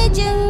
legend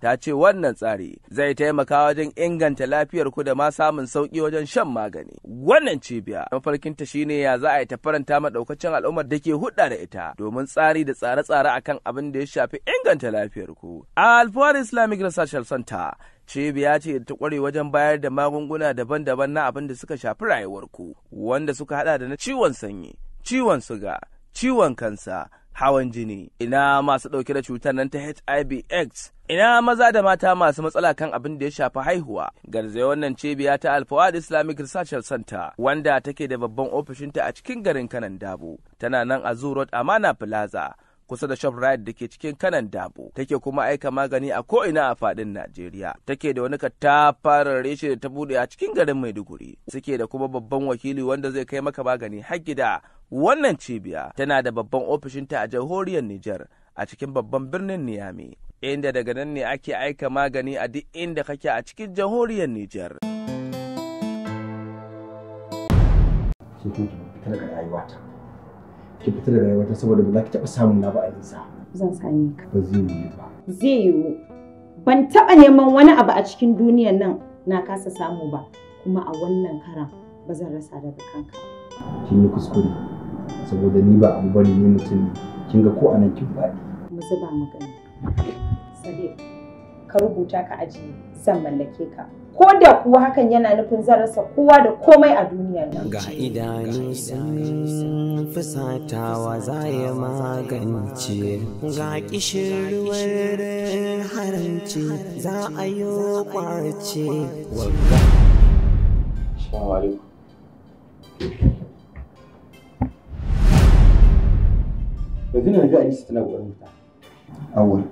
ta ce wannan tsari zai taimaka wajen inganta lafiyar ku da ma samun sauki wajen shan magani wannan cibiya mafarkinta shine ya za a yi ta faranta madaukacin al'ummar da ke hudda da ita domin tsari da tsare-tsare akan abin da ya shafi inganta lafiyar ku alfawar islamic research center cibiya ce ta kware wajen bayar da magunguna daban-daban na abin da suka shafi rayuwar ku wanda suka hada da na ciwon sanyi ciwon suga ciwon kansa hawan jini ina masu ɗauke da cutar nan ta hiv x ina maza da mata masu matsala kan abin da ya shafi haihuwa garzai wannan cibiya ta alfawad islamic research center wanda take da babban ofishinta a cikin garin kanan dabo tana nan a zoo road amana plaza kusa da shoprite da ke cikin kanan dabo take kuma aika magani a ko'ina a fadin najeriya take da wani katafarar reshe da ta bude a cikin garin maiduguri suke da kuma babban wakili wanda zai kai maka magani har gida Wannan cibiya tana da babban ofishinta a jamhuriyar Nijar a cikin babban birnin Niyami, inda daga nan ne ake aika magani a duk inda kake a cikin jamhuriyar Nijar. Ki fita da rayuwata saboda ba za ki taɓa samun na ba a nisa. Zan ka. Ba zai yiwu ba. Zai yiwu. Ban taɓa neman wani abu a cikin duniyar nan na kasa samu ba, kuma a wannan karan ba zan rasa daga kanka. Kin yi kuskure. saboda ni ba abu bane ni mutum kin ga ko anan kin faɗi mu zuba ba magana. sadiq ka rubuta ka aji zan mallake ka ko da kuwa hakan yana nufin zan rasa kowa da komai a duniyar nan ga idanu sun fusatawa za ya magance ga kishirwar haranci za a yi kwace alaikum. magana ga Anisa tana ƙoƙarin fita. Awwal.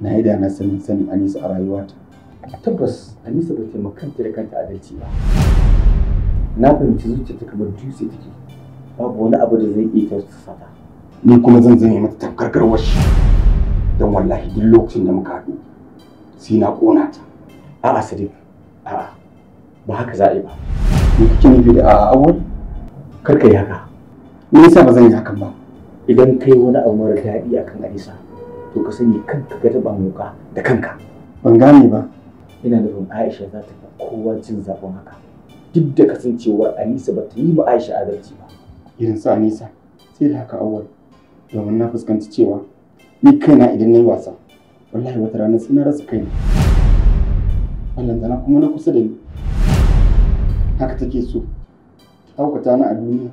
Na yi da na sanin sanin Anisa a rayuwata. Tabbas Anisa ba ta makanta da kanta adalci ba. Na fahimci zuciyarta kamar dutse take. Babu wani abu da zai iya kyautata ta. Ni kuma zan zanye mata tafkarkarwar shi. Don wallahi duk lokacin da muka haɗu sai na ƙona ta. A'a Sadiq, a'a ba haka za a yi ba. Me kake nufi da a'a awwal? Kar ka yi haka. Me yasa ba zan yi hakan ba? idan kai wani abu mara daɗi akan Alisa to ka sani kanka ka taɓa muka da kanka ban gane ba ina da Aisha za ta fi kowa jin zafin haka duk da kasancewar Anisa ba ta yi ba Aisha adalci ba irin sa Anisa sai da haka awal domin na fuskanci cewa ni kaina idan na yi wasa wallahi wata rana sai na rasa kaina dana kuma na kusa da ni haka take so haukata ni a duniya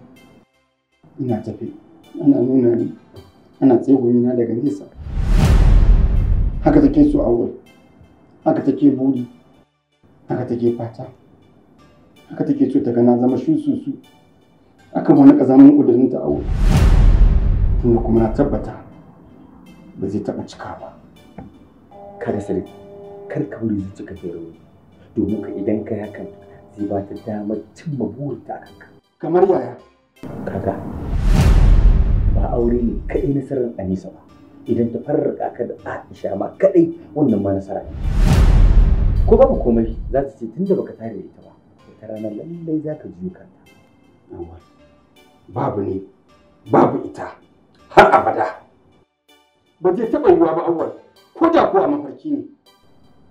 ina tafe ana nuna ni ana tsegumi na daga nesa haka take so awal haka take buri haka take fata haka take so ta ga na zama shususu akan wani ƙazamin ƙudurin ta awal tunda kuma na tabbata ba zai taɓa cika ba kada sarki kar ka wuri zuciya ka rauni domin ka idan ka hakan zai ba ta damar cimma burinta a kanka kamar yaya kaga ta aure ne kaɗai nasarar Anisa ba idan ta farraka ka da Aisha ma kaɗai wannan ma nasara ne ko babu komai za ta ce tunda baka tare da ita ba ta rana lallai za ka jiyo kanta babu ne babu ita har abada ba zai taɓa yiwuwa ba auwal ko da a mafarki ne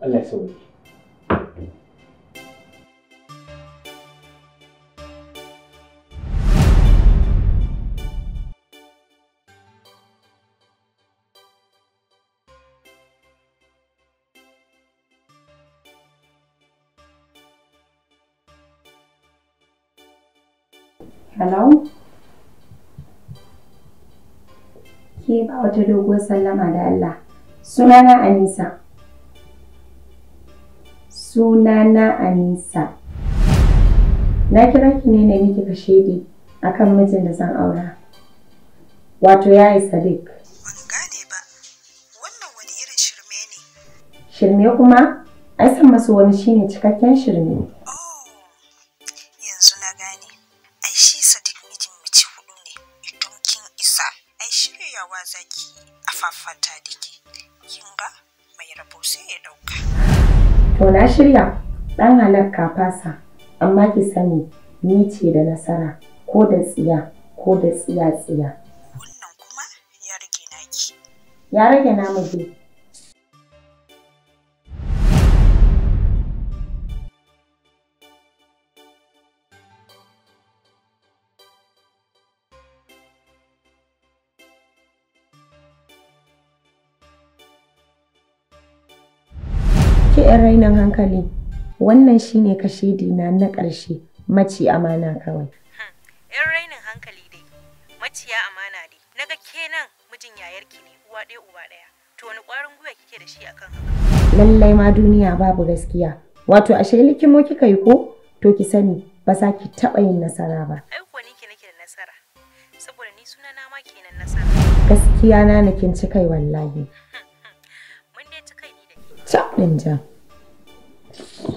Allah ya sauke Hello? Ke ba wata dogon sallama da Allah. Sunana Anisa. Sunana Anisa. Na kira ki ne na miki kashedi akan mijin da zan aura. Wato ya yi Sadiq. shirme Shirme kuma? Ai san masu wani shine cikakken shirme. zaki za ki afafata da ke kin ga mai rabo sai ya ɗauka. To na shirya ɗan halakka fasa amma ki sani ni ce da nasara ko da tsiya ko da tsiya tsiya. Wannan kuma ya rage naki. Ya rage namu dai. 'yan rainan hankali wannan shine kashedi na na ƙarshe maci amana kawai. ‘Yan hmm, rainin hankali dai, maciya amana dai, na ga kenan mijin yayarki ne uwa ɗaya uba ɗaya, to wani ƙwarin gwiwa kike da shi akan haka? Lallai ma duniya babu gaskiya, wato ashe likimo kika yi ko? To ki sani ba za ki taɓa yin nasara ba. Ai kuwa ni ke nake da nasara, saboda ni suna na ma kenan nasara. Gaskiya na nakin cikai wallahi. Hmm, hmm, Mun dai cikai ni da ke. Ke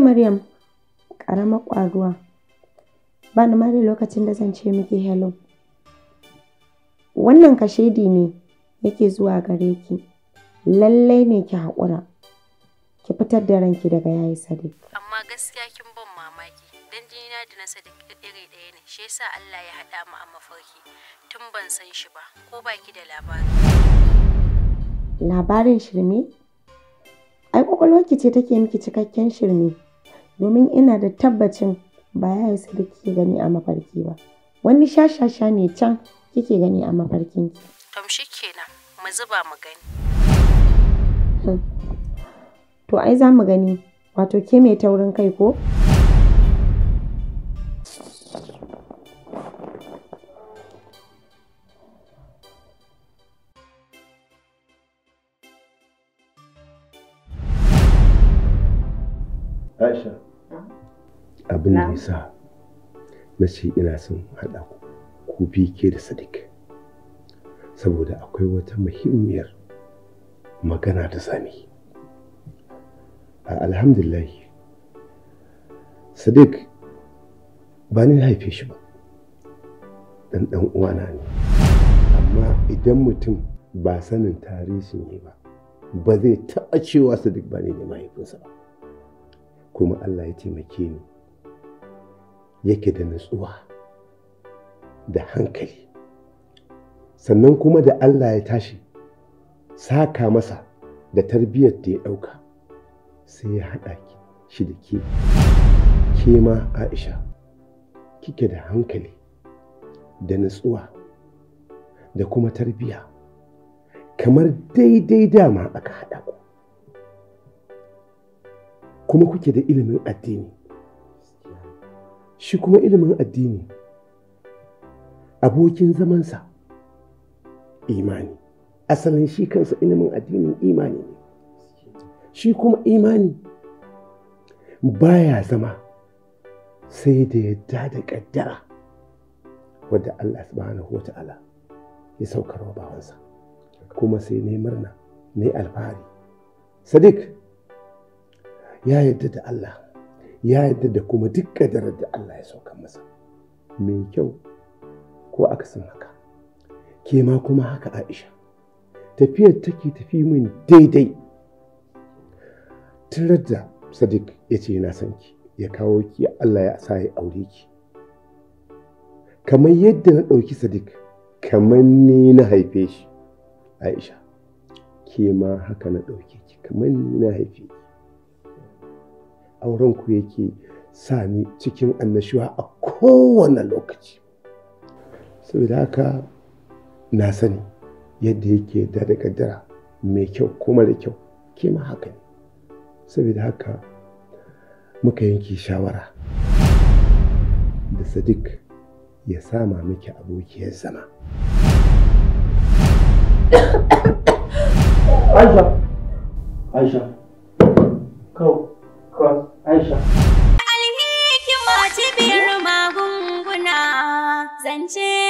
Maryam ƙaramar ƙwaruwa, ba ni mare lokacin da zan ce miki hello. Wannan kashedi ne yake zuwa gare ki, lallai ne ki haƙura. ki fitar da ranki daga yayi sadiq amma gaskiya kin ban mamaki dan jinina da na sadiq iri ɗaya ne shi yasa Allah ya haɗa mu a mafarki tun ban san shi ba ko baki da labari labarin shirme ai ki ce take miki cikakken shirme domin ina da tabbacin ba yayi sadiq ke gani a mafarki ba wani shashasha ne can kike gani a mafarkin ki? tamshi kenan mu zuba mu gani To ai za mu gani, wato ke mai taurin kai ko? Aisha, ah. abin da ya na ce ina son haɗa ku bi ke da Sadiq. Saboda akwai wata muhimmiyar magana da sami. alhamdulillah sadiq ba ni haife shi ba dan dan uwana ne amma idan mutum ba sanin tarihi ne ba ba zai taɓa cewa sadiq ba ne da mahaifinsa ba kuma allah ya taimake ni yake da nutsuwa da hankali sannan kuma da allah ya tashi saka masa da tarbiyyar da ya ɗauka sai ya haɗa ki shi da ke ke ma aisha kike da hankali da natsuwa da kuma tarbiyya kamar daidai dama aka haɗa ku kuma kuke da ilimin addini shi kuma ilimin addini abokin zamansa imani asalin shi kansa ilimin addinin imani ne shi kuma imani baya zama sai da yadda da ƙaddara wadda Allah subhanahu wa ta'ala ya saukar wa bawansa kuma sai ne murna ne alfahari sadiq ya yadda da Allah ya yadda da kuma duk ƙaddarar da Allah ya saukar masa mai kyau ko akasin haka ke ma kuma haka aisha tafiyar take tafi min daidai tun da sadiq ya ce yana son ki ya kawo ki allah ya sa ya aure ki kamar yadda na ɗauki sadiq kamar ni na haife shi aisha ke ma haka na ɗauke ki kamar ni na haife ki auren ku yake sa ni cikin annashuwa a kowane lokaci saboda haka na sani yadda yake da da kaddara mai kyau kuma da kyau ke ma haka ne saboda haka muka yanke shawara da sadiq ya sama miki abokiyar zama aisha aisha kawo kawo aisha alhikima cibiyar magunguna zance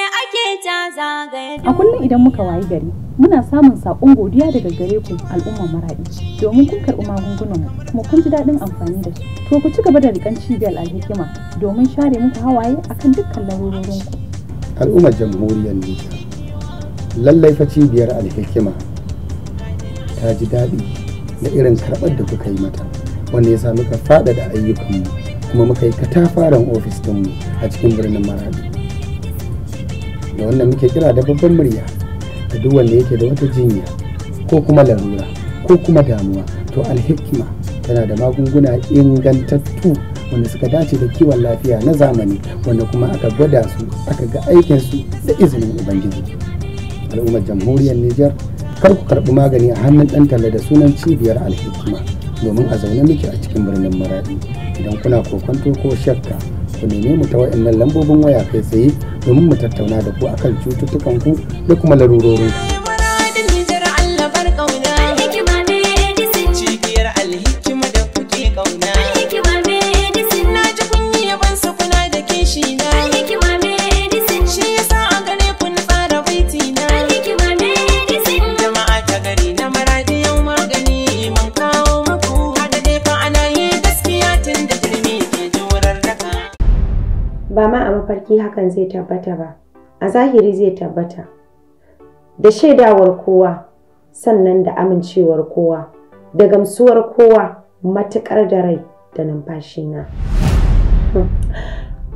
A kullum idan muka wayi gari, muna samun saƙon godiya daga gare ku al'ummar maraɗi domin kun karɓi magungunan mu kuma kun ji daɗin amfani da su. To ku ci gaba da riƙan cibiyar alhikima domin share muku hawaye akan dukkan larurorin Al'ummar jamhuriyar Nijar, lallai fa cibiyar alhikima ta ji daɗi da irin karɓar da kuka yi mata wanda ya sa muka faɗaɗa ayyukanmu kuma muka yi katafaren ofis ɗinmu a cikin birnin maraɗi. da wannan muke kira da babban murya da duk wanda yake da wata jinya ko kuma larura ko kuma damuwa to alhikima tana da magunguna ingantattu wanda suka dace da kiwon lafiya na zamani wanda kuma aka gwada su aka ga aikin su da izinin ubangiji al'ummar jamhuriyar niger kar ku karɓi magani a hannun ɗan talla da sunan cibiyar alhikima domin a zaune muke a cikin birnin maradi idan kuna kokonto ko shakka ku nemi mu ta wa'annan lambobin waya kai tsaye domin mu tattauna da ku akan cututtukan ku da kuma larurorin ku. baki hakan zai tabbata ba a zahiri zai tabbata da shaidawar kowa sannan da amincewar kowa da gamsuwar kowa matukar da rai da numfashi na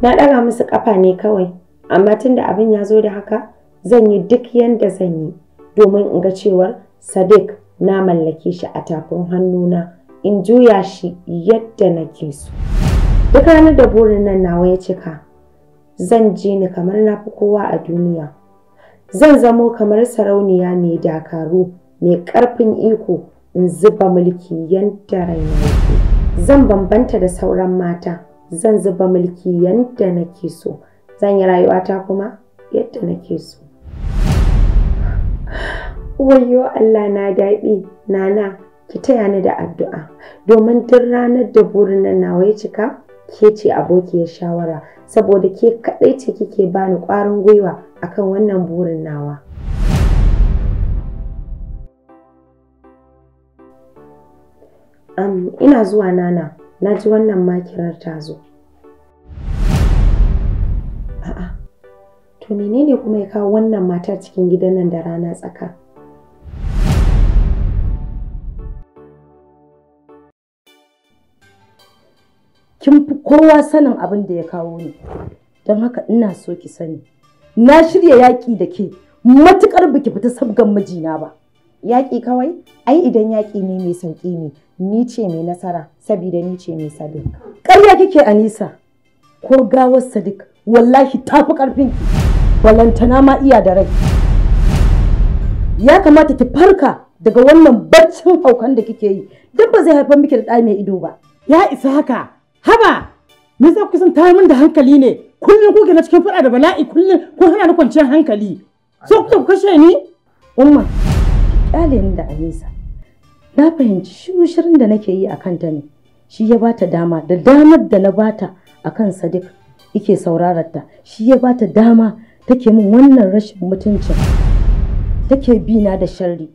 Na ɗaga musu ƙafa ne kawai amma tunda abin ya zo da haka zan yi duk yadda zan yi domin in ga cewar sadiq na mallake shi a tafin hannuna in juya shi yadda na ke so duk ranar da burin nan nawa ya cika zan ji ni kamar na fi kowa a duniya zan zamo kamar sarauniya mai dakaru mai ƙarfin iko in zuba mulki yadda raina yake zan bambanta da sauran mata zan zuba mulki yadda nake so zan yi rayuwata kuma yadda nake so wayo Allah na daɗi nana ki taya ni da addu'a domin duk ranar da burin nan nawa ya cika ke ce abokiyar shawara saboda ke kaɗai ce kike bani ƙwarin gwiwa akan wannan burin nawa. ina zuwa nana, na ji wannan makirar ta zo. A'a, to menene kuma ya kawo wannan matar cikin gidan nan da rana tsaka? kowa sanin abin da ya kawo ni don haka ina so ki sani na shirya yaƙi da ke matuƙar biki fita sabgan mijina ba yaƙi kawai ai idan yaƙi ne mai sauƙi ne ni ce mai nasara saboda ni ce mai sadiq ƙarya kike anisa ko gawar sadiq wallahi ta fi ƙarfinki balantana ma iya da rai ya kamata ki farka daga wannan barcin haukan da kike yi duk ba zai haifar miki da ɗa mai ido ba ya isa haka haba me yasa kuke son tayar min da hankali ne kullum kuke na cikin fada da bala'i kullum kun hana ni kwanciyar hankali so kuke ku kashe ni umma kyalin da Anisa na fahimci shirin da nake yi akan ta ne shi ya bata dama da damar da na bata akan Sadiq yake saurarar ta shi ya bata dama take min wannan rashin mutuncin take bi na da sharri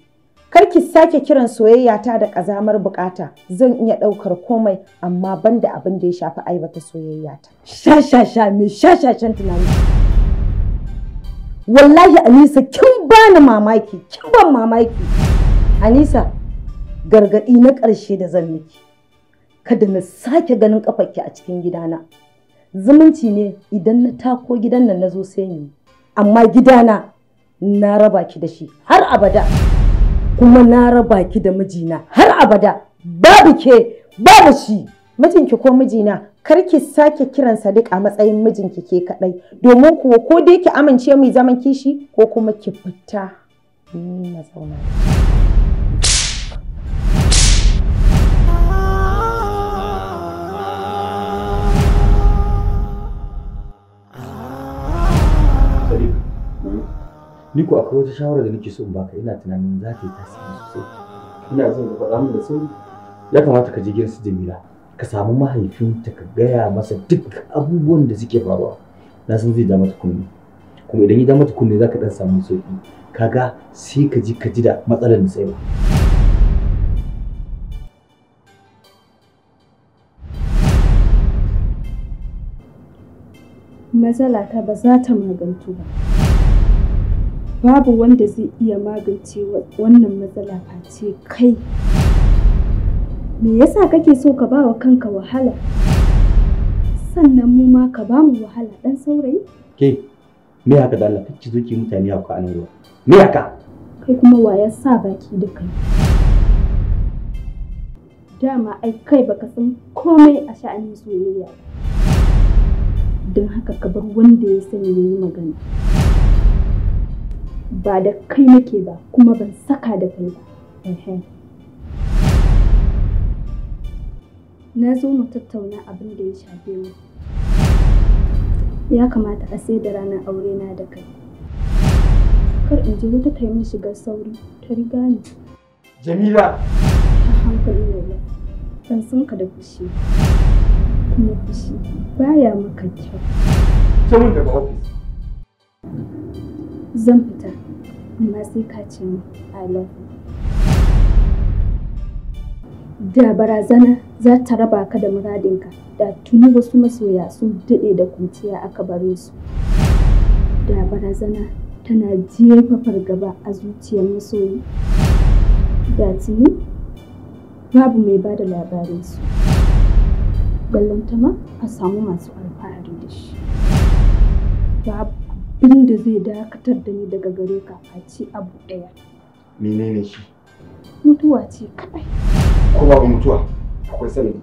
Kar ki sake kiran soyayya ta da ƙazamar bukata zan iya ɗaukar komai amma banda abin da ya shafi aibata soyayya ta. Sha sha sha me sha sha can tunani. Wallahi Anisa kin bani mamaki kin ban mamaki. Anisa gargaɗi na ƙarshe da zan miki. Kada na sake ganin ƙafarki a cikin gidana. Zumunci ne idan na tako gidan nan na zo sai ni. Amma gidana na raba ki da shi har abada. kuma na raba ki da mijina har abada babu ke babu shi mijinki ko mijina kar ki sake kiran Sadiq a matsayin mijinki ke kadai domin kuwa ko dai ki amince mu zaman kishi ko kuma ki fita ni na zauna Ni akwai wata shawara da nake so in baka ina tunanin za ta yi tasiri sosai. Ina jin ka faɗa min da sauri. Ya kamata ka je gidan su Jamila. Ka samu mahaifinta ka gaya masa duk abubuwan da suke faruwa. Na san zai mata kunne. Kuma idan ya da mata kunne za ka ɗan samu sauƙi. Kaga sai ka ji ka ji da matsalar da sai Matsala ta ba za ta magantu ba. babu wanda zai iya magance wannan matsala face kai me yasa kake so ka ba wa kanka wahala sannan mu ma ka ba mu wahala dan saurayi ke me haka da Allah kacci zuki mutane haka a ruwa me haka kai kuma wa ya sa baki da kai dama ai kai baka san komai a sha'anin soyayya don haka ka bar wanda ya sani yayi magana ba da kai nake ba kuma ban saka da kai ba na zo mu tattauna abin da ya shafe mu ya kamata a sai da ranar aure na da kai kar in ji wata taimin shigar sauri ta riga ni jamila a hankali ne ban san ka da fushi kuma fushi baya maka kyau kyau ba ofis zan fita amma sai ka ce min i love you da barazana za ta raba ka da muradinka da tuni wasu masoya sun daɗe da kunciya aka bare su da barazana tana jefa fargaba a zuciyar masoyi da tuni babu mai ba da labarinsu ballantama a samu masu alfahari da shi babu inda zai dakatar da ni daga gare ka a ci abu ɗaya. Menene shi? Mutuwa ce kaɗai. Ko babu mutuwa akwai sanadi.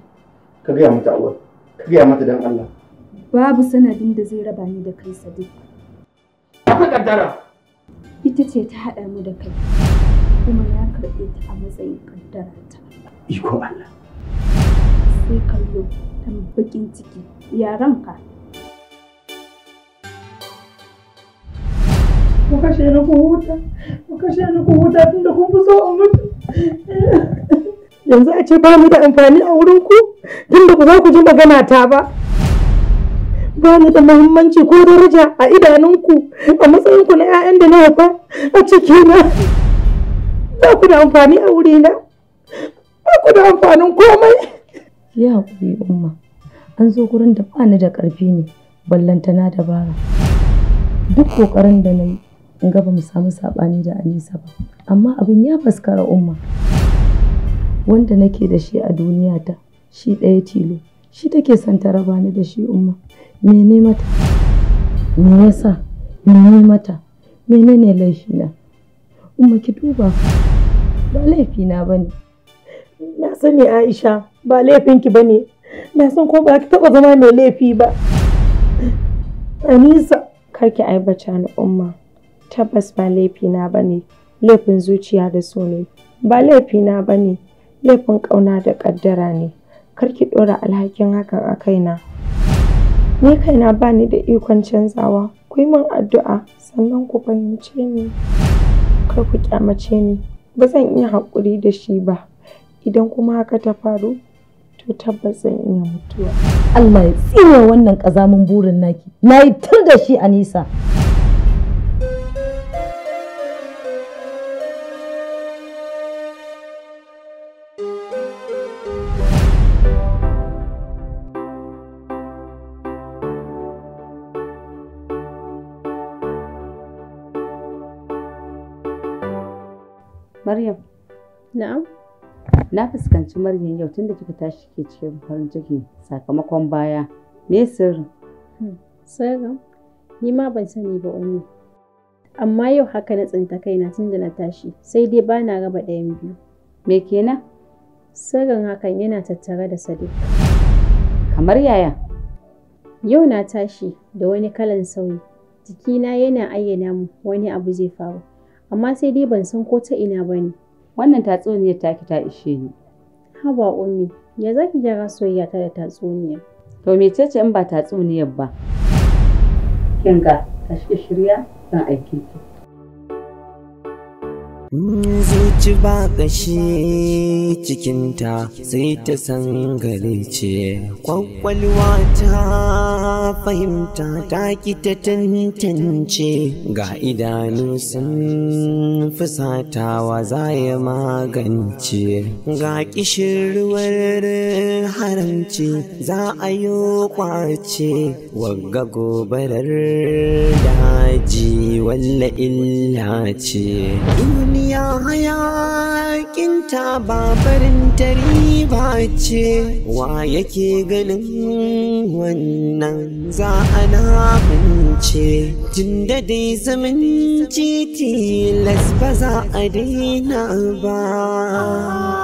Ka gaya mata awal, ka gaya mata don Allah. Babu sanadin da zai raba ni da kai sadi. Akwai kaddara. Ita ce ta haɗa mu da kai, kuma ya karɓe ta a matsayin kaddara ta. Iko Allah. Sai kallo tambakin baƙin ciki, ranka. kashe ni ku huta ku kashe ni ku huta tunda kun fi so in mutu yanzu a ce ba mu da amfani a wurin ku tunda ku za ku ji magana ta ba ba ni da muhimmanci ko daraja a idanunku a matsayinku na 'ya'yan da na haifa a cikina ba ku da amfani a wurina ba ku da amfanin komai ya haƙuri umma an zo gurin da ba ni da ƙarfi ne ballantana dabara duk ƙoƙarin da na yi in ga mu samu sabani da Anisa ba amma abin ya faskara umma wanda nake da shi a duniya ta shi ɗaya tilo shi take son ta raba ni da shi umma mene mata me yasa mene mata ne laifina umma ki duba ba laifina bane na sani Aisha ba laifinki bane na san ko ba ki taba zama mai laifi ba Anisa karki aibata ni umma tabbas ba laifina ba ne laifin zuciya da so ne ba laifina ba ne laifin ƙauna da ƙaddara ne kar ki ɗora alhakin hakan a kaina ni kaina ba ni da ikon canzawa ku yi min addu'a sannan ku fahimce ni kar ku kyamace ni ba zan iya haƙuri da shi ba idan kuma haka ta faru to tabbas zan iya mutuwa Allah ya tsine wannan ƙazamin burin naki na yi tur da shi a nisa na fuskanci maryam yau tunda kika tashi ke cikin farin ciki sakamakon baya me sirri hmm, sirrin ni ma ban sani ba umu. amma yau haka na tsinta kaina tunda na tashi sai dai bana raba ɗayan biyu me kenan sirrin hakan yana tattare da sadiq kamar yaya yau na tashi da wani kalan sauyi jikina yana ayyana mu wani abu zai faru amma sai dai ban san ko ta ina ba ne Wannan tatsuniyar ta ki ta ishe ni. Haba ummi, ya zaki gyara soyayya ta da tatsuniya? To ce in ba tatsuniyar ba? Kinga, ka shirya zan aike ki. Mm, zuci ba ƙashi cikinta sai ta san gare ce kwakwalwa ta fahimta ta ki ta tantance ga idanu sun fusatawa za ya magance ga ƙishirwar haramci za a yi kwace wagga gobarar daji walla illa ce duniya hayakinta ba barin tari ba ce wa yake ganin wannan za a namunce tun da dai zumunci las ba za a daina ba